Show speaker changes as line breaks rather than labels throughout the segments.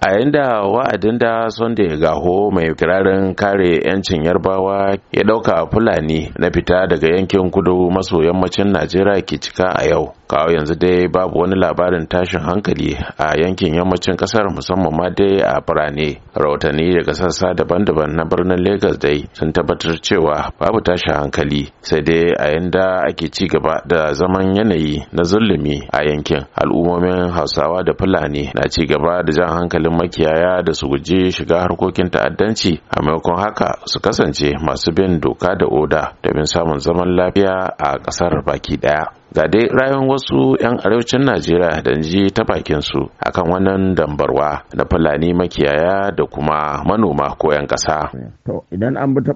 a yayin da wa'adin da sunday gaho mai kirarin kare 'yancin yarbawa ya dauka fulani na fita daga yankin kudu maso yammacin najeriya ke cika a yau kawo yanzu dai babu wani labarin tashin hankali a yankin yammacin kasar musamman ma dai a birane rahotanni daga sassa daban-daban na birnin lagos dai sun tabbatar cewa babu tashin hankali sai dai a yanda ake ci gaba da zaman yanayi na zulumi a yankin al'ummomin hausawa da fulani na ci gaba da jan hankali hankalin makiyaya da su guji shiga harkokin ta'addanci a maimakon haka su kasance masu bin doka da oda domin samun zaman lafiya a ƙasar baki ɗaya ga dai rayuwar wasu 'yan arewacin najeriya da ji ta bakin su akan wannan dambarwa na fulani makiyaya da kuma manoma ko 'yan ƙasa.
to idan an bi ta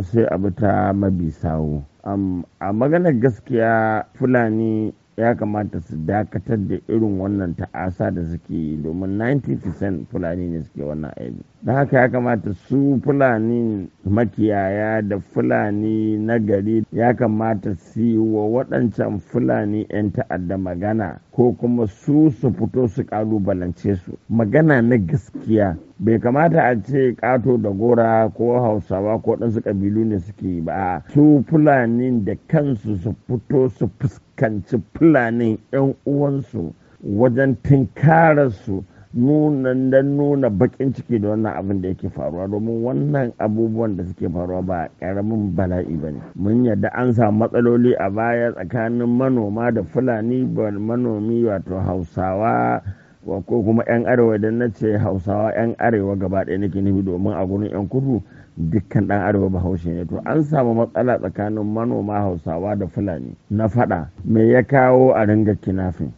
sai a buta mabisawo mabi a maganar gaskiya fulani ya kamata su dakatar da irin wannan ta'asa da suke yi domin 90% fulani ne suke wannan aibi da haka ya kamata su fulani makiyaya da fulani na gari ya kamata su yi wa waɗancan fulani 'yan ta'adda magana ko kuma su su fito su ƙalubalance su magana na gaskiya bai kamata a ce kato da gora ko hausawa ko ɗansu ƙabilu ne suke ba su fulani da kansu su fito su fuskanci fulani 'yan uwansu wajen tinkararsu nuna dan nuna bakin ciki da wannan abin da yake faruwa domin wannan abubuwan da suke faruwa ba karamin bala'i ba ne mun yadda an samu matsaloli a baya tsakanin manoma da fulani ba manomi wato hausawa ko kuma 'yan arewa idan na ce hausawa 'yan arewa gaba ɗaya nake nufi domin a gurin 'yan kudu dukkan ɗan arewa bahaushe ne to an samu matsala tsakanin manoma hausawa da fulani na faɗa me ya kawo a ringa kinafin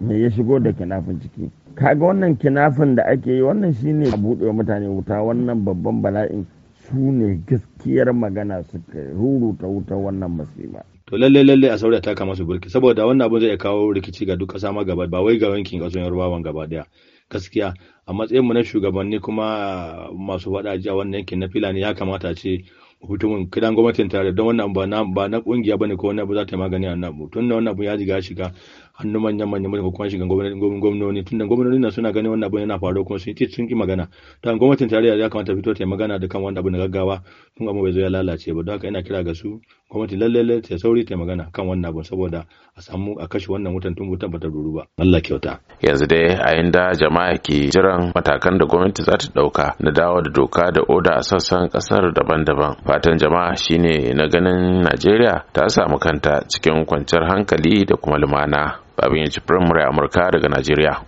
me ya shigo da kinafin ciki kaga wannan kinafin da ake yi wannan shine a buɗe mutane wuta wannan babban bala'in su ne gaskiyar magana suka ruruta wuta wannan masifa
to lalle lalle a saurara taka masu burki saboda wannan abun zai iya kawo rikici ga duk kasa ma gaba ba wai ga yankin ƙasar Yarbawan gaba daya gaskiya a matsayin mu na shugabanni kuma masu faɗa a wannan yankin na Filani ya kamata ce hutumin kidan gwamnatin tare don wannan ba na ba kungiya bane ko wannan ba za ta magani a nan tun da wannan abu ya riga shiga hannun manyan manyan mutane ko kuma shiga gwamnoni tunda gwamnoni na suna ganin wannan abin yana faruwa kuma sun sun ki magana ta gwamnatin tarayya ya kamata fito ta magana da kan wannan abin da gaggawa tun abin bai zo ya lalace ba don haka ina kira ga su gwamnati lalle ta sauri ta yi magana kan wannan abin saboda a samu a kashe wannan wutan tun wutan bata ruru ba
Allah kyauta yanzu dai a inda jama'a ke jiran matakan da gwamnati za ta dauka na dawo da doka da oda a sassan kasar daban-daban fatan jama'a shine na ganin Najeriya ta samu kanta cikin kwanciyar hankali da kuma lumana babin ya ci firamare amurka daga najeriya